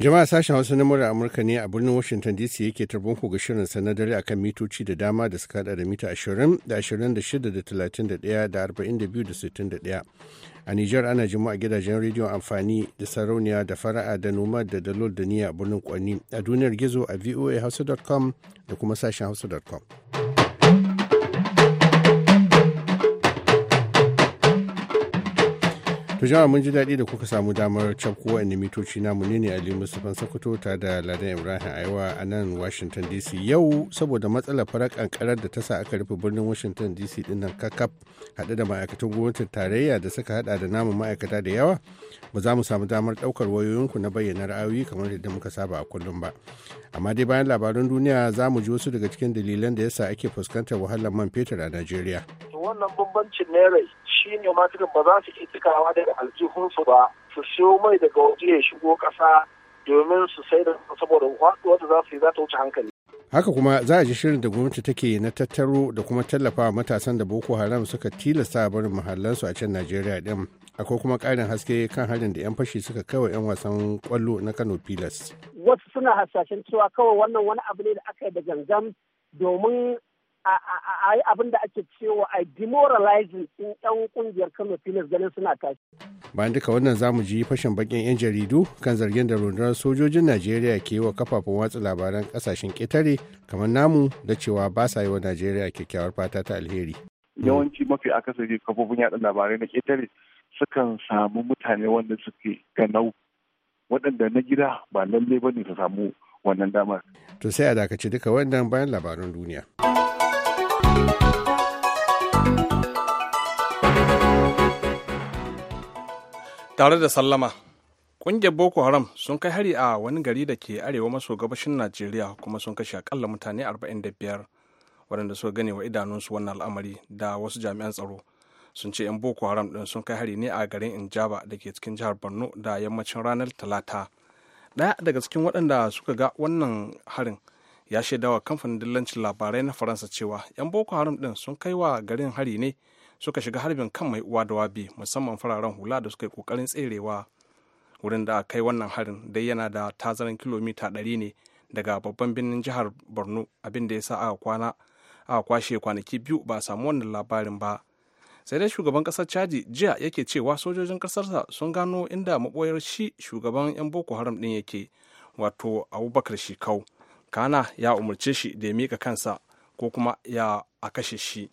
Jama'a sashen Hausa na murar Amurka ne a birnin Washington DC yake tarbon ku ga shirin sanar dare akan mitoci da dama da suka hada da mita 20 da 26 da 31 da 42 da 61. A Nijar ana jima a gidajen rediyon amfani da sarauniya da fara'a da noma da dalol da niyya a birnin Kwani a duniyar gizo a voahausa.com da kuma sashen hausa.com. To jama'a mun ji daɗi da kuka samu damar cafko wa'annan mitoci namu ne ne Ali Mustapha Sokoto ta da Ladan Ibrahim Aiwa a nan Washington DC yau saboda matsalar farar kankarar da ta sa aka rufe birnin Washington DC din nan kakaf haɗe da ma'aikatan gwamnatin tarayya da suka haɗa da namun ma'aikata da yawa ba za mu samu damar ɗaukar wayoyinku na bayyana ra'ayoyi kamar yadda muka saba a kullum ba. Amma dai bayan labaran duniya za mu ji wasu daga cikin dalilan da yasa ake fuskantar wahalar man fetur a Najeriya. wannan bambancin naira shi ne matukan ba za su iya cikawa daga aljihunsu ba su siyo mai daga waje ya shigo kasa domin su sai da saboda faɗuwar wata za su yi za ta wuce hankali. Haka kuma za a ji shirin da gwamnati take na tattaro da kuma tallafa matasan da Boko Haram suka tilasta barin mahallansu a can Najeriya din. Akwai kuma ƙarin haske kan harin da 'yan fashi suka kawai 'yan wasan kwallo na Kano Pilas. Wasu suna hasashen cewa kawai wannan wani abu ne da aka yi da gangan domin a yi abin da ake cewa a demoralizing in yan kungiyar kano pilas ganin suna tashi. bayan duka wannan zamu ji fashin bakin yan jaridu kan zargin da rundunar sojojin najeriya ke yi wa kafafen watsa labaran kasashen ketare kamar namu da cewa ba sa yi wa najeriya kyakkyawar fata ta alheri. Mm. yawanci mafi akasari kafofin yaɗa labarai na ketare sukan samu mutane wanda suke ganau waɗanda na gida ba lalle ba ne su samu wannan damar. to sai a dakaci duka wannan bayan labaran duniya. tare da sallama ƙungiyar boko haram sun kai hari a wani gari da ke arewa maso gabashin najeriya kuma sun kashe akalla mutane 45 waɗanda suka gane wa idanunsu wannan al'amari da wasu jami'an tsaro sun ce 'yan boko haram ɗin sun kai hari ne a garin injaba da ke cikin jihar borno da yammacin ranar talata ɗaya daga cikin waɗanda suka ga wannan harin ya shaidawa kamfanin dillancin labarai na faransa cewa 'yan boko haram ɗin sun kai wa garin hari ne suka shiga harbin kan mai uwa da wabi musamman fararen hula da suka yi kokarin tserewa wurin da kai wannan harin dai yana da tazaran kilomita 100 ne daga babban birnin jihar borno abinda ya sa aka kwana aka kwashe kwanaki biyu ba a samu wannan labarin ba sai dai shugaban kasar chadi jiya yake cewa sojojin kasarsa sun gano inda maboyar shi shugaban yan boko haram din yake wato abubakar shikau kana ya umarce shi da ya mika kansa ko kuma ya a kashe shi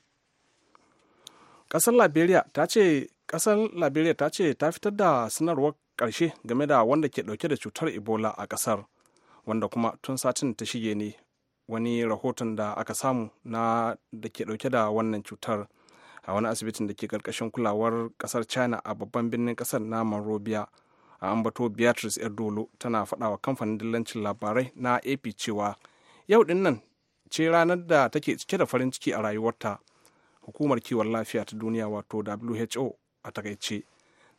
kasar liberia ta ce kasar liberia ta ce ta fitar da sanarwar karshe game da wanda ke dauke da cutar ebola a kasar wanda kuma tun satin ta shige ne wani rahoton da aka samu na da ke dauke da wannan cutar a wani asibitin da ke karkashin kulawar kasar china a babban birnin kasar na monrovia a ambato beatrice erdolo tana faɗawa kamfanin dillancin labarai na ap cewa yau din nan ce ranar da take cike da farin ciki a rayuwarta hukumar kiwon lafiya ta duniya wato who a takaice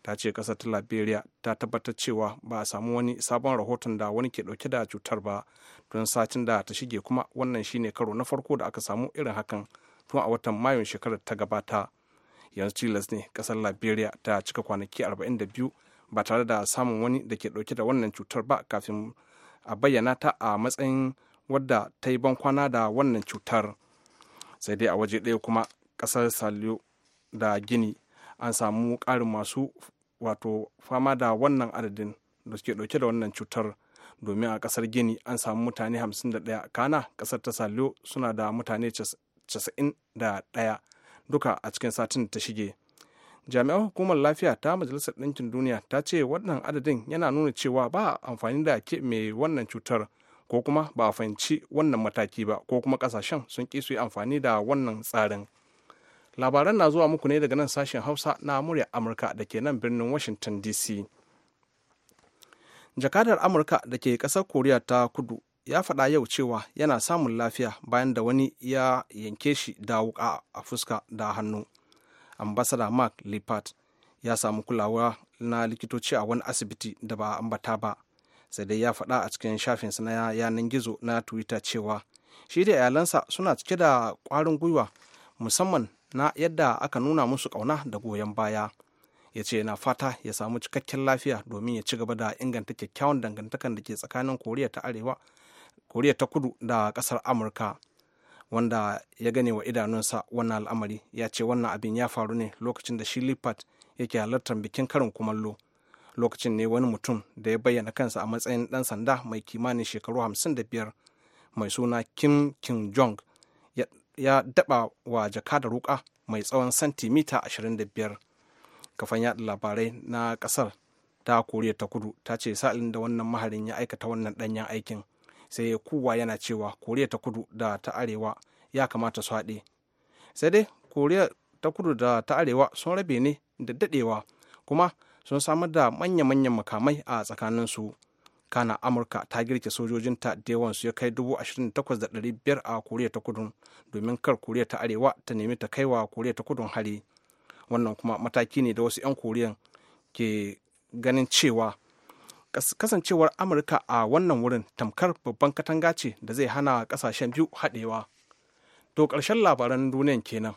ta ce kasar ta liberia ta tabbatar cewa ba a samu wani sabon rahoton da wani ke dauke da cutar ba tun satin da ta shige kuma wannan shine karo na farko da aka samu irin hakan tun a watan mayun shekarar ta gabata yanzu tilas ne kasar liberia ta cika kwanaki 42 ba tare da samun wani da ke dauke da wannan cutar ba kafin a bayyana ta a matsayin wadda ta yi bankwana da wannan cutar sai dai a waje ɗaya kuma kasar salo da gini an samu karin masu wato fama da wannan adadin da suke ɗauke da wannan cutar domin a kasar gini an samu mutane 51 kana kasar ta salo suna da mutane 91 duka a cikin satin ta shige jami'an hukumar lafiya ta majalisar ɗinkin duniya ta ce wannan adadin yana nuna cewa ba a amfani da ke mai wannan cutar ko kuma ba a fahimci wannan mataki ba ko kuma ƙasashen sun ƙi su yi amfani da wannan tsarin labaran na zuwa muku ne daga nan sashen hausa na murya amurka da ke nan birnin washington dc jakadar amurka da ke kasar koriya ta kudu ya faɗa yau cewa yana samun lafiya bayan da wani ya yanke shi da wuka a fuska da hannu ambasada mark lippert ya samu kulawa na likitoci a wani asibiti da ba ambata ba sai dai ya faɗa a cikin shafinsa na yanan gizo na twitter cewa shi da iyalansa suna cike da ƙwarin gwiwa musamman na yadda aka nuna musu kauna da goyon baya ya ce yana fata ya samu cikakken lafiya domin ya ci gaba da inganta kyakkyawan dangantakan da ke tsakanin koriya ta arewa koriya ta kudu da kasar amurka wanda ya gane wa idanunsa wannan al'amari ya ce wannan abin ya faru ne lokacin da shi lipat yake halartar bikin karin kumallo lokacin ne wani mutum da ya bayyana kansa a matsayin dan sanda mai kimanin shekaru 55 mai suna kim king jong ya daba wa jaka da ruka mai tsawon santimita 25 kafan yada labarai na kasar ta koriya ta kudu ta ce sa'ilin da wannan maharin ya aikata wannan danyen aikin sai kowa yana cewa koriya ta kudu da ta arewa ya kamata su haɗe sai dai koriya ta kudu da ta arewa sun rabe ne da daɗewa kuma sun samar da manya-manyan makamai a tsakaninsu kana amurka ta girke sojojinta da yawansu ya kai 28,500 a koriya ta kudu domin kar koriya ta arewa ta nemi ta kaiwa koriya ta kudun hari wannan kuma mataki ne da wasu 'yan koriyan ke ganin cewa kasancewar amurka a wannan wurin tamkar babban katanga ce da zai hana kasashen biyu haɗewa to karshen labaran duniyan kenan.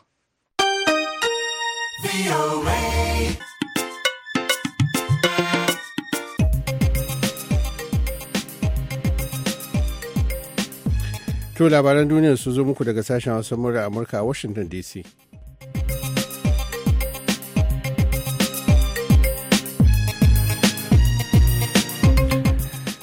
To labaran duniya su zo muku daga sashen Hausa murar Amurka a Washington DC.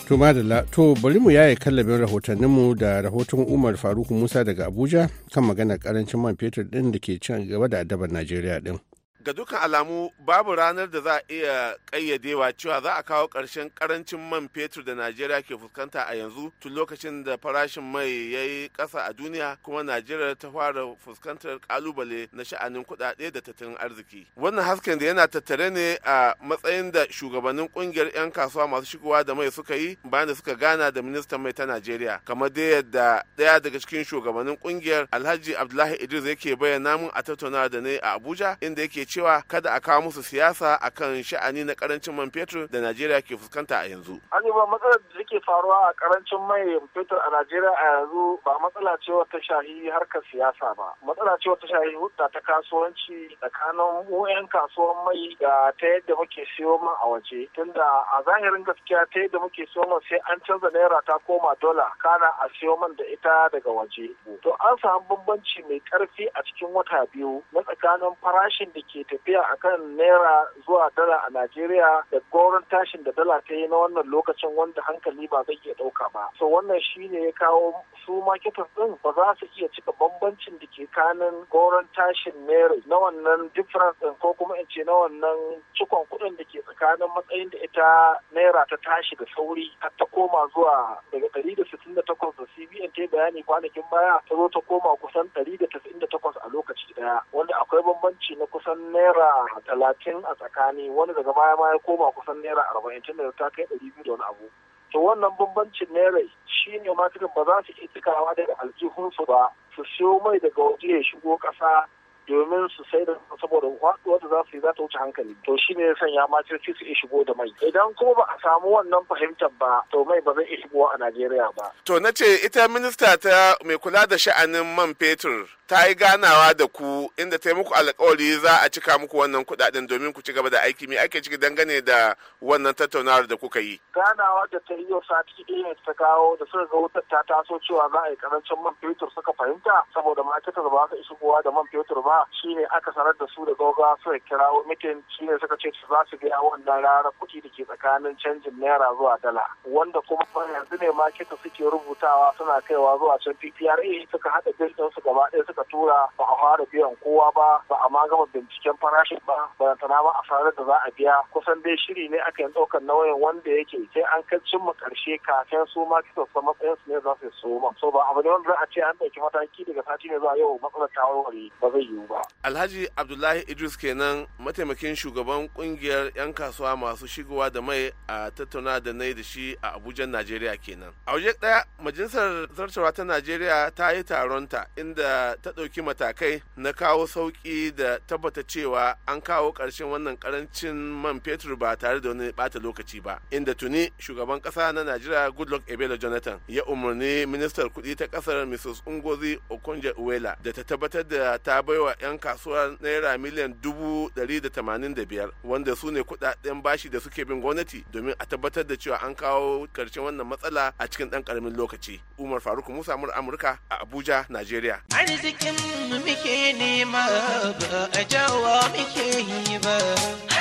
To madalla, to bari mu yaye kallabin rahotanninmu da rahoton Umar Faruk Musa daga Abuja kan maganar karancin man fetur ɗin da ke cin gaba da adabar Najeriya ɗin. ga dukkan alamu babu ranar da za a iya kayyadewa cewa za a kawo ƙarshen ƙarancin man fetur da najeriya ke fuskanta a yanzu tun lokacin da farashin mai ya yi ƙasa a duniya kuma najeriya ta fara fuskantar kalubale na sha'anin kuɗaɗe da tattalin arziki wannan hasken da yana tattare ne a matsayin da shugabannin ƙungiyar 'yan kasuwa masu shigowa da mai suka yi bayan da suka gana da ministan mai ta najeriya kamar dai yadda ɗaya daga cikin shugabannin ƙungiyar alhaji abdullahi idris yake bayyana mun a tattaunawa da ne a abuja inda yake cewa kada a kawo musu siyasa akan sha'ani na karancin man fetur da Najeriya ke fuskanta a yanzu. ba matsalar da take faruwa a karancin mai fetur a Najeriya a yanzu ba matsala ce wata shahi harkar siyasa ba. Matsala ce wata shahi hudda ta kasuwanci tsakanin wayan kasuwan mai da ta yadda muke siyo ma a waje. Tunda a zahirin gaskiya ta yadda muke siyo ma sai an canza naira ta koma dola kana a siyo man da ita daga waje. To an samu bambanci mai karfi a cikin wata biyu na tsakanin farashin da ke Tafiya tafiya akan naira zuwa dala a Najeriya da goron tashin da dala ta yi na wannan lokacin wanda hankali ba zai iya ɗauka ba. So wannan shi ne ya kawo su marketers ɗin ba za su iya cika bambancin da ke kanin goron tashin naira na wannan difference ɗin ko kuma in ce na wannan cikon kuɗin da ke tsakanin matsayin da ita naira ta tashi da sauri har ta koma zuwa daga ɗari da sittin da takwas da CBN ta bayani kwanakin baya ta zo ta koma kusan ɗari da tasa'in da takwas a lokaci ɗaya wanda akwai bambanci na kusan naira talatin a tsakani wani daga baya ma ya koma kusan naira arba'in tun da ta kai ɗari biyu da wani abu to wannan bambancin naira shi ne ma ba za su iya cikawa daga aljihunsu ba su siyo mai daga waje ya shigo ƙasa domin su sai da saboda kwaɗuwar da za su yi za ta wuce hankali to shi ne sanya ma jirgi su iya shigo da mai idan kuma ba a samu wannan fahimtar ba to mai ba zai iya shigo a najeriya ba. to na ce ita minista ta mai kula da sha'anin man fetur ta yi ganawa da ku inda ta yi muku alkawari za a cika muku wannan kuɗaɗen domin ku ci gaba da aiki me ake ciki dangane da wannan tattaunawar da kuka yi. ganawa da ta yi yau sati ɗaya ta kawo da suka ga wutar ta taso cewa za a yi karancin man fetur suka fahimta saboda ma'aikatar ba za ta ishi da man fetur ba shi ne aka sanar da su da gaugawa suka kira mitin ne suka ce su za su biya wannan rara kuɗi da ke tsakanin canjin naira zuwa dala wanda kuma yanzu ne maketa suke rubutawa suna kaiwa zuwa can PPRA suka haɗa bil su gaba ɗaya suka tura ba a fara biyan kowa ba ba a ma gama binciken farashin ba barantana ba a sanar da za a biya kusan dai shiri ne aka yi ɗaukar nauyin wanda yake sai an kai cimma ƙarshe kafin su maketa su matsayin su ne za su so ba so ba abu ne wanda za a ce an ɗauki mataki daga sati ne zuwa yau matsalar tawarwari ba zai yiwu ba. Alhaji Abdullahi Idris kenan mataimakin shugaban kungiyar 'yan kasuwa masu shigowa da mai a tattauna da na da shi a Abuja, Najeriya kenan. A waje ɗaya majalisar zartarwa ta Najeriya ta yi taronta inda ta ɗauki matakai na kawo sauƙi da tabbata cewa an kawo ƙarshen wannan karancin man fetur ba tare da wani bata lokaci ba. Inda tuni shugaban ƙasa na Najeriya Goodluck Ebele Jonathan ya umarni ministar kuɗi ta ƙasar Mrs. ungozi Okonjo-Iweala da ta tabbatar da ta baiwa 'yan kasuwar naira miliyan dubu dari da tamanin da biyar wanda su ne kudaden bashi da suke bin gwamnati domin a tabbatar da cewa an kawo karshen wannan matsala a cikin dan karamin lokaci umar faruk musa mur amurka a abuja najeriya arzikin muke nema ba a jawa muke yi ba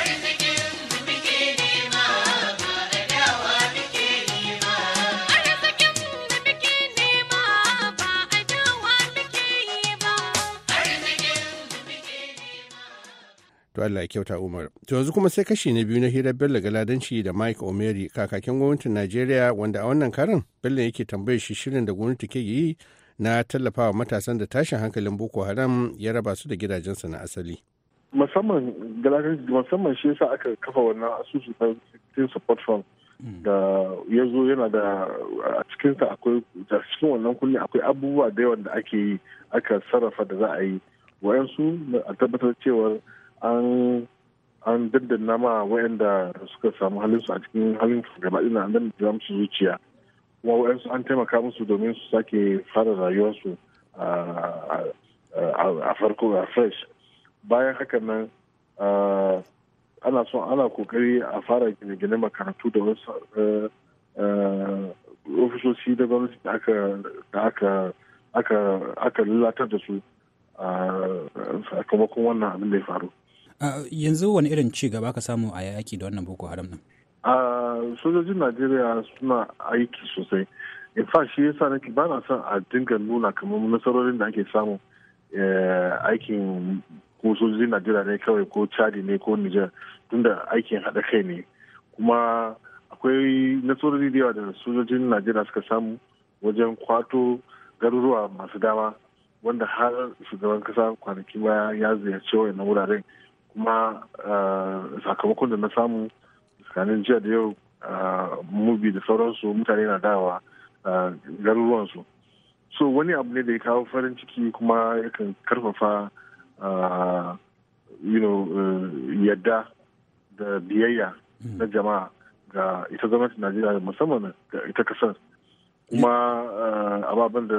to Allah ya kyauta Umar. To yanzu kuma sai kashi na biyu na hirar Bello Galadanci da Mike Omeri kakakin gwamnatin Najeriya wanda a wannan karan Bello yake tambayar shi shirin da gwamnati ke yi na tallafawa matasan da tashin hankalin Boko Haram ya raba su da gidajensa na asali. Musamman Galadanci musamman shi yasa aka kafa wannan asusu na support fund hmm. da ya zo yana da a cikinsa akwai da cikin wannan kulle akwai abubuwa da yawan da ake yi aka sarrafa da za a yi wa'yansu a tabbatar cewar an an daddana ma waɗanda suka samu halinsu a cikin halin gaba ina an da musu zuciya kuma waɗansu an taimaka musu domin su sake fara rayuwarsu a farko a fresh bayan haka nan ana son ana kokari a fara gine-gine makarantu da wasu ofisoshi da gwamnati da aka lalatar da su a sakamakon wannan abin da ya faru. yanzu wani irin ci gaba ka samu a yaki da wannan boko haram nan sojojin najeriya suna aiki sosai in fact shi yasa nake ba na son a dinga nuna kamar nasarorin da ake samu eh, aikin ko sojojin najeriya ne kawai ko chadi ne ko niger tunda aikin haɗa kai ne kuma akwai nasarori da yawa da sojojin najeriya suka samu wajen kwato garuruwa masu dama wanda har shugaban kasa kwanaki baya ya ziyarci wayannan wuraren kuma eh, sakamakon da na samu tsakanin jiya da yau eh, mubi da sauransu mutane na dawa eh, garuruwansu so wani abu ne da ya kawo farin ciki kuma yakan karfafa yadda da biyayya hmm. na jama'a ga ita gwamnatin najeriya musamman ga ita kasar kuma ababen da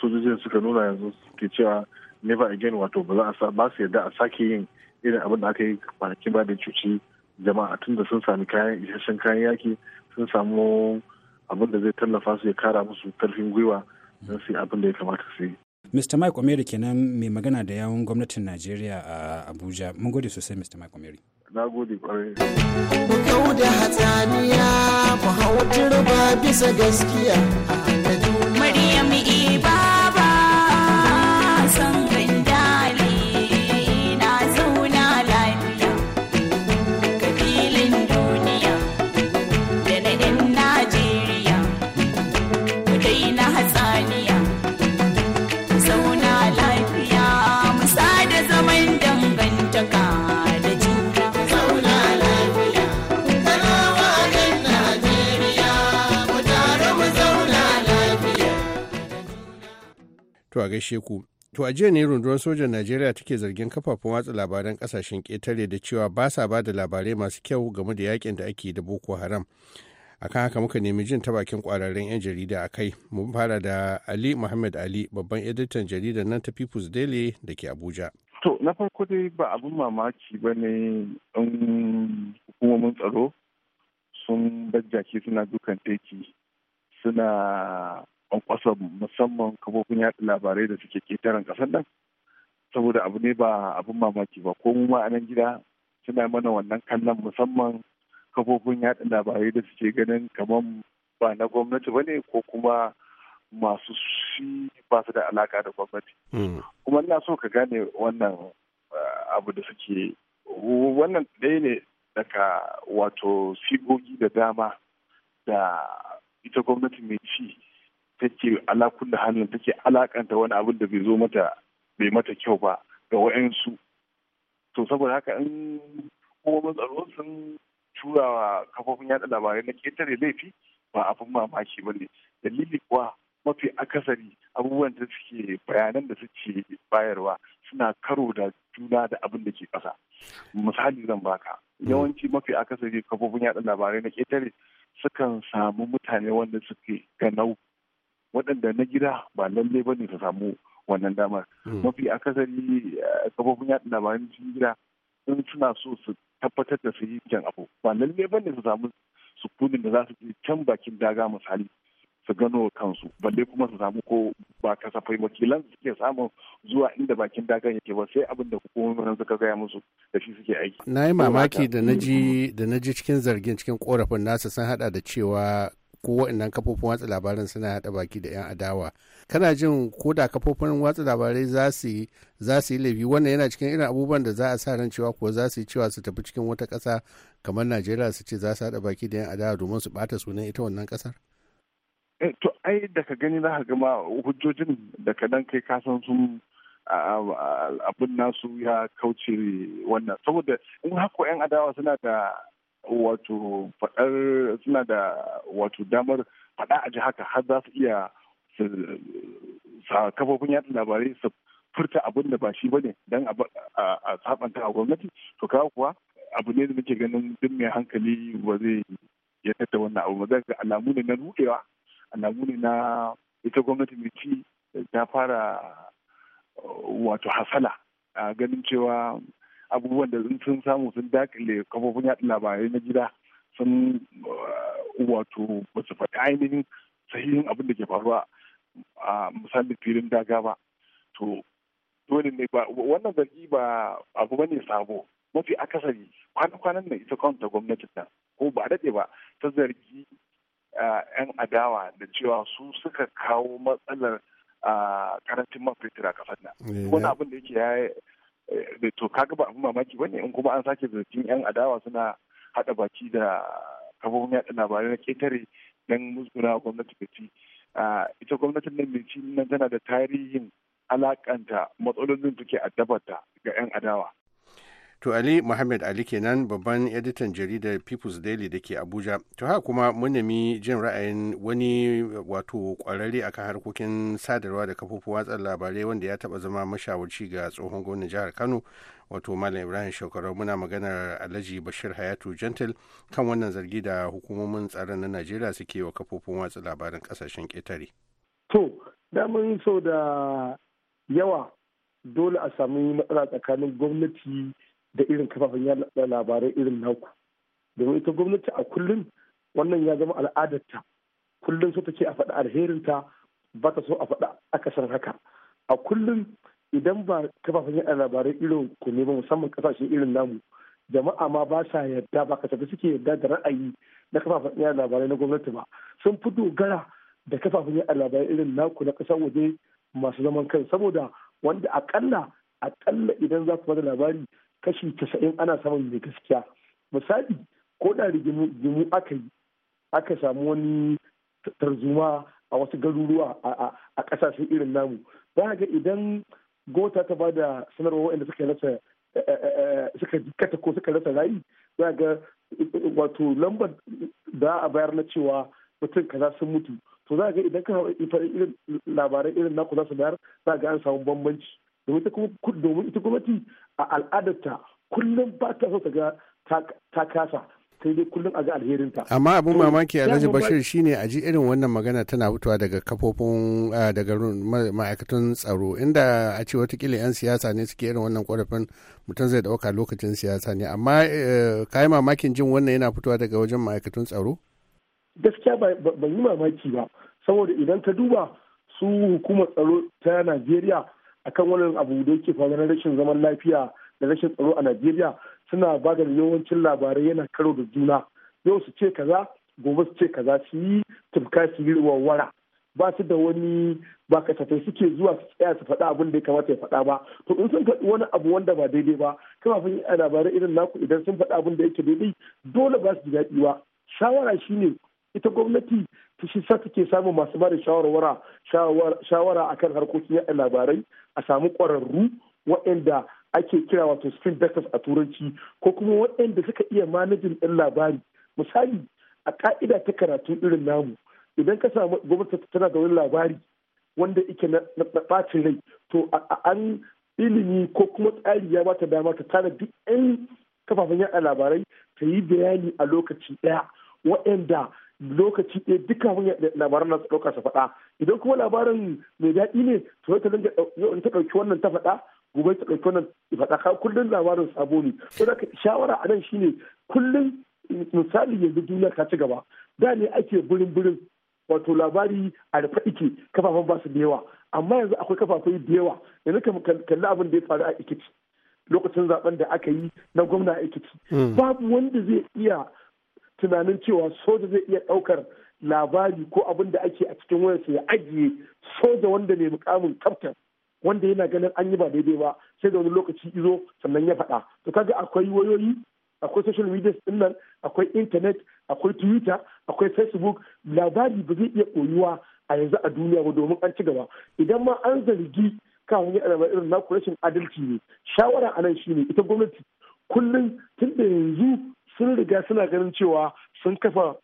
sojojin suka nuna yanzu ke cewa never again wato ba za ba su yadda a sake yin irin abin da aka yi kwanakin ba da cuci jama'a tun da sun sami kayan isasshen kayan yaki sun samu abin da zai tallafa su ya kara musu karfin gwiwa don su abin da ya kamata su yi. Mr. Mike Omeri kenan mai magana da yawun gwamnatin Najeriya a Abuja. Mun gode sosai Mr. Mike Omeri. Na gode kwarai. Ku kau da hatsaniya, ku hau turba bisa gaskiya a gaishe ku. To a jiya ne rundunar sojan Najeriya take zargin kafafun watsa labaran kasashen ƙetare da cewa ba sa ba da labarai masu kyau game da yakin da ake da Boko Haram. akan haka muka nemi jin ta bakin ƙwararren 'yan jarida a kai mun fara da ali muhammad ali babban editan jaridar nan ta people's daily da ke abuja to na farko dai ba abin mamaki ba ne in hukumomin tsaro sun bajjaki suna dukan teki suna kwankwasa musamman kafofin yaɗa labarai da suke ƙetaren ƙasar nan saboda abu ne ba abin mamaki ba ko mu ma a nan gida suna mana wannan kallon musamman kafofin yaɗa labarai da suke ganin kamar ba na gwamnati ba ne ko kuma masu shi ba su da alaka da gwamnati hmm. kuma ina so ka gane wannan eh, abu da suke wannan ɗaya ne daga wato sigogi da dama da ita gwamnati mai ci take ala da halin take alakanta wani abin da bai zo mata bai mata kyau ba ga wa'ansu to saboda haka in kuma tsaro sun tura wa kafofin yada labarai na ketare laifi ba abin mamaki ba ne dalili kuwa mafi akasari abubuwan da suke bayanan da suke bayarwa suna karo da juna da abin da ke ƙasa misali zan baka mm. yawanci mafi akasari kafofin yada labarai na ketare sukan samu mutane wanda suke ganau waɗanda na gida ba lalle ba ne su samu wannan damar hmm. mafi akasari eh, kafofin yaɗa labaran cikin gida sun suna so su tabbatar da su yi kyan abu ba lalle ba ne su samu su sukunin da za su je can bakin daga misali su gano kansu balle kuma su samu ko ba kasafai wakilan suke samun zuwa inda bakin daga yake ba sai abin da hukumomin suka gaya musu da shi suke aiki. Na yi mamaki hmm. da na ji cikin zargin cikin korafin nasa sun hada da cewa ko waɗannan kafofin watsa labaran suna hada baki da 'yan adawa kana jin ko da kafofin watsa labarai za su yi laifi wannan yana cikin irin abubuwan da za a sa ran cewa ko za su yi cewa su tafi cikin wata ƙasa kamar najeriya su ce za su haɗa baki da 'yan adawa domin su ɓata sunan ita wannan ƙasar eh, to ai da ka gani za ka gama hujjojin da ka dan kai kasan sun abin nasu ya kauce wannan saboda in hako 'yan adawa suna da wato faɗar suna da wato damar faɗa a ji haka har za su iya kafofin yaɗa labarai su furta abin da ba shi ba ne don a sabanta a gwamnati to kawo kuwa abu ne da muke ganin duk mai hankali ba zai ya tatta wannan abu ba ga alamu ne na rudewa alamu ne na ita gwamnati mai ci ta fara wato hasala a ganin cewa abubuwan da sun samu sun dakile kafofin yaɗa labarai na gida sun uh, wato ba su faɗi ainihin sahihin abin da ke faruwa a misalin filin daga ba to dole ne ba wannan zargi ba abu bane sabo mafi akasari kwana-kwanan nan ita kwanta gwamnati ta ko ba daɗe ba ta zargi 'yan uh, adawa da cewa su suka kawo matsalar karancin uh, man fetur a ƙasar nan eh. wani abin da yake Eh, to kaga ba abin mamaki bane in kuma an sake zargin yan adawa suna haɗa baki da kafofin yaɗa labarai na ketare don musguna gwamnati ta ci ita gwamnatin nan mai nan tana da tarihin alakanta matsalolin suke addabarta ga yan adawa To Ali Muhammad Ali kenan babban editan jaridar People's Daily da ke Abuja. To haka kuma mun nemi jin ra'ayin wani wato kwararre akan harkokin sadarwa da kafofin watsa labarai wanda ya taba zama mashawarci ga tsohon gwamnan jihar Kano wato Malam Ibrahim Shekarau muna maganar Alhaji Bashir Hayatu Gentle kan wannan zargi da hukumomin tsaron na Najeriya suke wa kafofin watsa labaran kasashen ƙetare. To, mun so da yawa dole a sami matsala tsakanin gwamnati da irin kafafen yada labarai irin naku domin ita gwamnati a kullum wannan ya zama al'adarta kullum so take a faɗa alherinta ba ta so a faɗa akasin haka a kullum idan ba kafafen yada labarai irin ku ne ba musamman kasashe irin namu jama'a ma ba sa yarda ba kasafi suke yarda da ra'ayi na kafafen yada labarai na gwamnati ba sun fi dogara da kafafen yada labarai irin naku na ƙasar waje masu zaman kai saboda wanda akalla akalla idan za ku bada labari kashi casa'in ana samun mai gaskiya misali ko da rigimu aka yi aka samu wani tarzuma a wasu garuruwa a kasashen irin namu ba ga idan gota ta bada sanarwa waɗanda suka rasa eh, eh, eh, suka jikata ko suka rasa rayu za ga wato lambar da a bayar na cewa mutum kaza sun mutu to za ga idan ka irin labaran irin naku za su bayar za ga an samu bambanci domin ita gwamnati a al'adarta kullum ba ta so ta ga ta kasa sai dai kullum a ga alherinta. Amma abin mamaki Alhaji Bashir shine a ji irin wannan magana tana fitowa daga kafofin eh, daga ma'aikatan tsaro inda a ce watakila 'yan siyasa ne suke irin wannan korafin mutum zai dauka lokacin siyasa ne amma eh, kayi mamakin jin wannan yana fitowa daga wajen ma'aikatan tsaro? Gaskiya ban yi mamaki ba saboda idan ta duba su hukumar tsaro ta Najeriya akan wani abu da yake faru na rashin zaman lafiya da rashin tsaro a Najeriya suna ba da yawancin labarai yana karo da juna yau su ce kaza gobe su ce kaza su yi tufka su yi warwara ba su da wani ba kasafai suke zuwa su tsaya su faɗa abin da ya kamata ya faɗa ba to in sun faɗi wani abu wanda ba daidai ba yi labarai irin naku idan sun faɗa abin da yake daidai dole ba su ji daɗi ba shawara shine ita gwamnati ta shi sa take samun masu ba da shawarwara shawara akan harkokin yaɗa labarai a samu ƙwararru waɗanda ake kira wato screen doctors a turanci ko kuma waɗanda suka iya manajin ɗin labari misali a ka'ida ta karatu irin namu idan ka samu gwamnati tana da wani labari wanda ike na ɓacin rai to an ilimi ko kuma tsari ya bata dama ta tana duk 'yan kafafen yaɗa labarai ta yi bayani a lokaci ɗaya waɗanda lokaci ɗaya dukkan wani labaran na ɗauka su faɗa idan kuma labarin mai daɗi ne to ta dinga ta ɗauki wannan ta faɗa gobe ta ɗauki wannan ta faɗa ka kullum labarin sabo ne to da shawara a nan shine kullum misali yanzu duniya ta ci gaba da ne ake burin burin wato labari a rufe ike kafafen ba su da yawa amma yanzu akwai kafafe da yawa yanzu kalli abin da ya faru a ikiti lokacin zaben da aka yi na gwamna a ikiti hmm. babu wanda zai iya tunanin cewa soja zai iya ɗaukar labari ko abin da ake a cikin wayarsa ya ajiye soja wanda mai mukamin kaftan wanda yana ganin an yi ba daidai ba sai da wani lokaci izo sannan ya faɗa to kaga akwai wayoyi akwai social media din nan akwai internet akwai twitter akwai facebook labari ba zai iya koyuwa a yanzu a duniya ba domin an ci gaba idan ma an zargi kan yi irin na rashin adalci ne shawara a nan shine ita gwamnati kullum tun da yanzu sun riga suna ganin cewa sun kafa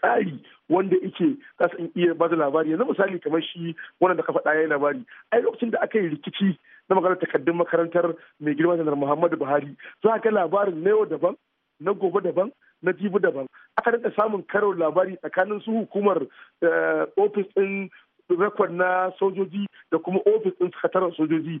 tsari wanda yake za su iya bada da labari yanzu misali kamar shi wannan da kafa ɗaya labari ai lokacin da aka yi rikici na maganar takardun makarantar mai girma janar muhammadu buhari za ga labarin na yau daban na gobe daban na jibi daban aka daɗa samun karo labari tsakanin su hukumar eh, ofis ɗin rekod na sojoji da kuma ofis ɗin sakataren sojoji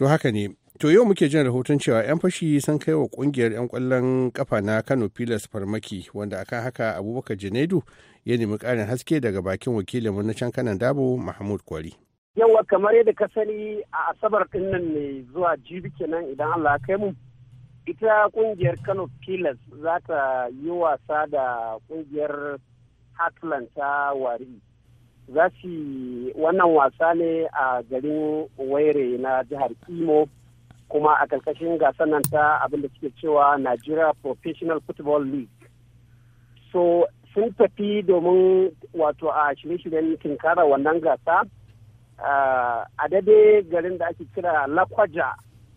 To haka ne, to yau muke jin rahoton cewa 'yan fashi sun kai wa kungiyar 'yan kwallon kafa na Kano Pilas farmaki wanda akan haka Abubakar Junaidu ya nemi ƙarin haske daga bakin wakilin na can kanan dabo Mahmud Kwari. Yawa kamar yadda ka sani a asabar din nan ne zuwa jibi kenan idan Allah kai mu. Ita kungiyar Kano Pilas za ta yi wasa da kungiyar Heartland ta Wari. za su wannan wasa ne a garin waire na jihar imo kuma a karkashin gasar nan ta abinda suke cewa nigeria professional football league so sun tafi domin wato a shirye-shiryen tinkara wannan gasa a dade garin da ake kira lakwaja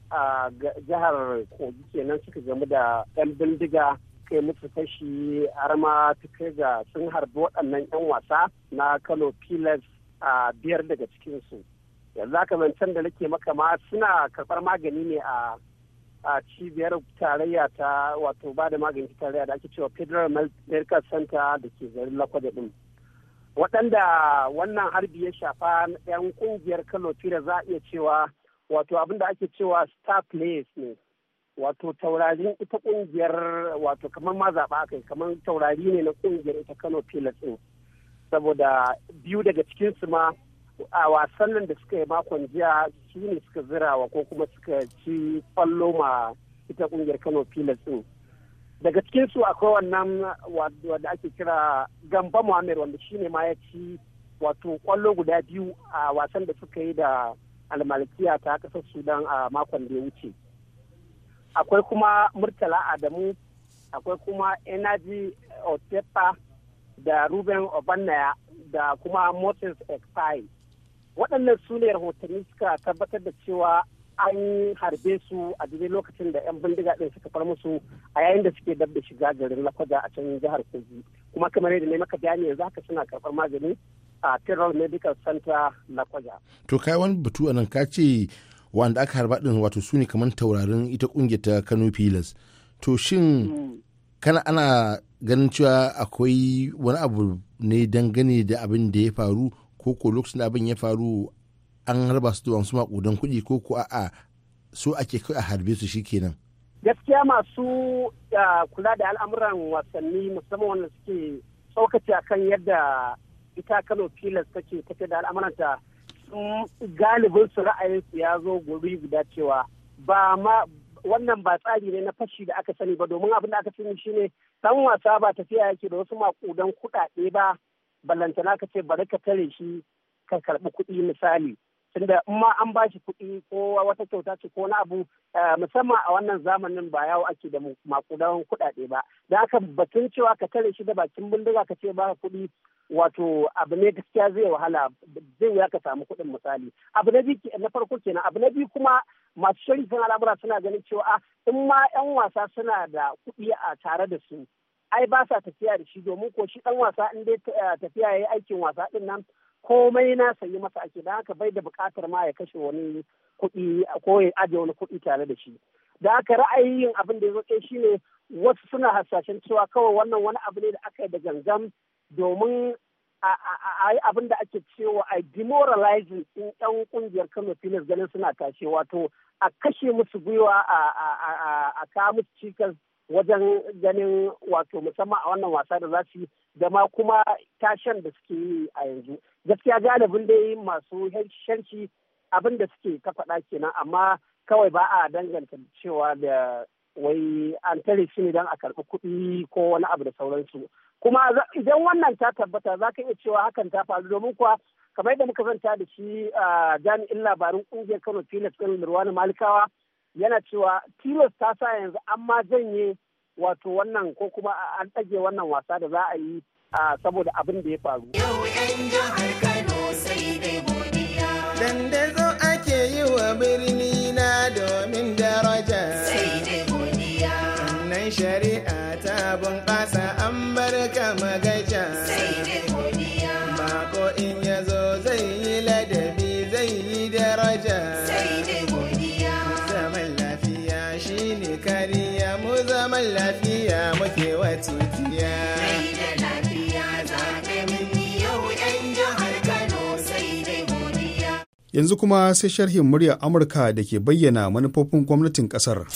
a jihar kogi kenan suka gamu da 'yan bindiga suka yi musu fashi har ma ga sun harbi waɗannan 'yan wasa na kano pilas a biyar daga cikinsu yanzu aka zancen da nake maka ma suna karɓar magani ne a a cibiyar tarayya ta wato ba da magani tarayya da ake cewa federal medical center da ke garin lakwada din waɗanda wannan harbi ya shafa yan kungiyar kano za a iya cewa wato abin da ake cewa star players ne wato taurarin ita kungiyar wato kamar ma zaɓa kai kamar taurari ne na kungiyar ita kano pilas ɗin saboda biyu daga cikinsu ma a wasan nan da suka yi makon jiya su ne suka zirawa ko kuma suka ci fallo ma ita kungiyar kano pilas ɗin daga cikinsu akwai wannan wanda ake kira gamba muhammed wanda shi ne ma ya ci wato kwallo guda biyu a wasan da suka yi da almalikiya ta kasar sudan a makon da ya wuce akwai kuma murtala adamu akwai kuma energy otepa da ruben obanaya da kuma motors exai waɗannan su ne rahotanni suka tabbatar da cewa an harbe su a daidai lokacin da 'yan bindiga ɗin suka far musu a yayin da suke dab shiga garin lakwaja a can jihar kogi kuma kamar yadda ne maka bayani yanzu haka suna karɓar magani a Federal Medical Center Lakwaja. To kai wani batu anan ka ce wanda aka harba din wato su ne kamar taurarin ita kungiyar ta Kano Pillars to shin kana ana ganin cewa akwai wani abu ne dangane da abin da ya faru ko ko lokacin da abin ya faru an harba su da wasu makudan kuɗi ko ko a'a su ake kai a harbe su shikenan gaskiya masu ah, kula da al'amuran wasanni musamman wanda suke tsokaci akan yadda ita kano pilas take tafiya da al'amuranta galibin su ra'ayinsu ya zo guri guda cewa ba ma wannan ba tsari ne na fashi da aka sani ba domin abin da aka sani ne. dan wasa ba tafiya yake da wasu makudan kuɗaɗe ba ballantana ka ce bari ka tare shi ka karɓi kuɗi misali tunda in ma an bashi kuɗi ko wata kyauta ce ko na abu eh, musamman a wannan zamanin ba yawo ake da makudan kuɗaɗe ba da haka batun cewa ka tare shi da bakin bindiga ka ce ba kuɗi wato abu ne gaskiya zai wahala zai wuya ka samu kuɗin misali abu na biyu na farko kenan abu na biyu kuma masu sharifin al'amura suna ganin cewa a ah, in ma 'yan wasa suna da kuɗi a tare da su ai ba sa tafiya da shi domin ko shi ɗan wasa in dai eh, tafiya ya yi aikin wasa ɗin nan komai na sayi masa ake don haka bai da buƙatar ma ya kashe wani kuɗi ko ya ajiye wani kuɗi tare da shi da haka ra'ayin abin da ya shi shine wasu suna hasashen cewa kawai wannan wani abu ne da aka yi da gangan domin a abin da ake cewa a demoralizing ɗin 'yan ƙungiyar Kano Pilas ganin suna tashe wato a kashe musu gwiwa a kawo musu cikas wajen ganin wato musamman a wannan wasa da za su yi da ma kuma tashen da suke yi a yanzu gaskiya galibin dai masu shanci abin da suke kafaɗa kenan amma kawai ba a danganta cewa da wai an tare shi ne don a karɓi kuɗi ko wani abu da sauransu kuma idan wannan ta tabbata za ka iya cewa hakan ta faru domin kuwa kamar yadda muka zanta da shi a jami'in labarin kungiyar kano tilas ɗin nurwani malikawa yana cewa tilas ta sa yanzu an ma janye wato wannan ko kuma an ɗage wannan wasa da za a yi saboda abin da ya faru. Yanzu kuma sai sharhin muryar Amurka da ke bayyana manufofin gwamnatin ƙasar.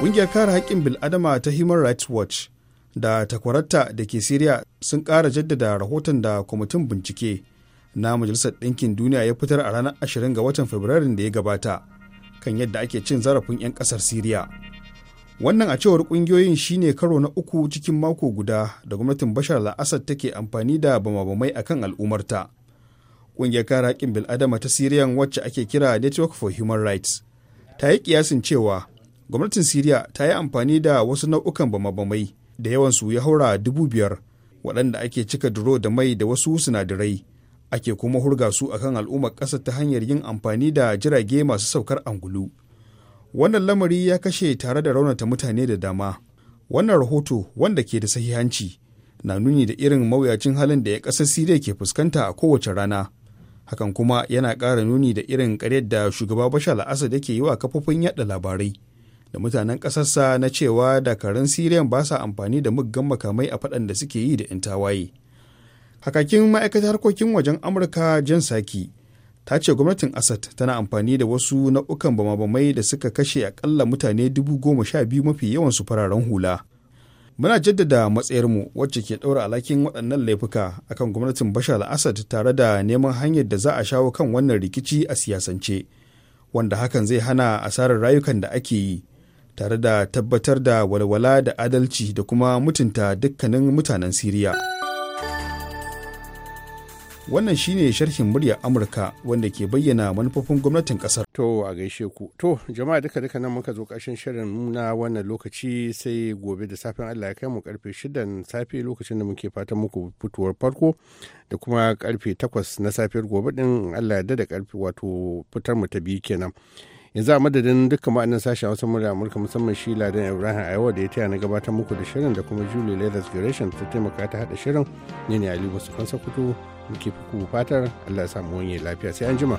Ƙungiyar kare haƙƙin bil'adama ta Human Rights Watch da takwaratta da ke Siriya sun ƙara jaddada rahoton da kwamitin bincike na Majalisar Ɗinkin Duniya ya fitar a ranar 20 ga watan Fabrairun da ya gabata kan yadda ake cin zarafin 'yan ƙasar Siriya. wannan a cewar kungiyoyin shine karo na uku cikin mako guda da gwamnatin bashar al-assad take amfani da bamabamai a akan al'umarta kungiyar kare haƙƙin bil'adama ta siriyan wacce ake kira network for human rights ta yi kiyasin cewa gwamnatin siriya ta yi amfani da wasu nau'ukan bamabamai da da yawansu ya haura dubu biyar waɗanda ake cika duro da mai da wasu sinadarai ake kuma hurga su akan al'ummar ƙasa ta hanyar yin amfani da jirage masu saukar angulu. wannan lamari ya kashe tare da raunata mutane da dama wannan rahoto wanda ke da sahihanci na nuni da irin mawuyacin halin da ya ƙasar siriya ke fuskanta a kowace rana hakan kuma yana ƙara nuni da irin ƙaryar da shugaba bashar da yake yi wa kafofin yaɗa labarai da mutanen ƙasarsa na cewa dakarun siriyan ba sa amfani da muggan makamai a faɗan da suke yi da 'yan tawaye hakakin ma'aikatar harkokin wajen amurka jan saki ta ce gwamnatin asad tana amfani da wasu nau'ukan bama da suka kashe akalla mutane dubu goma sha biyu mafi yawan su fararen hula. Muna jaddada matsayarmu wacce ke ɗaura alakin waɗannan laifuka akan gwamnatin Bashar al-Assad tare da neman hanyar da za a shawo kan wannan rikici a siyasance, wanda hakan zai hana asarar rayukan da ake yi, tare da tabbatar da walwala da adalci da kuma mutunta dukkanin mutanen Siriya. wannan shine sharhin murya amurka wanda ke bayyana manufofin gwamnatin kasar to a gaishe ku to jama'a duka duka nan muka zo ƙarshen shirin na wannan lokaci sai gobe da safin allah ya kai mu karfe shidan safe lokacin da muke fatan muku fitowar farko da kuma karfe takwas na safiyar gobe din allah ya da karfe wato fitar mu ta biyu kenan yanzu a madadin dukkan ma'anin sashen wasu murya amurka musamman shi ladan ibrahim aiwa da ya taya na gabatar muku da shirin da kuma julie leathers gresham ta taimaka ta hada shirin ne ne ali musu kan sakutu muke fi fatar Allah ya samu wani lafiya sai an jima.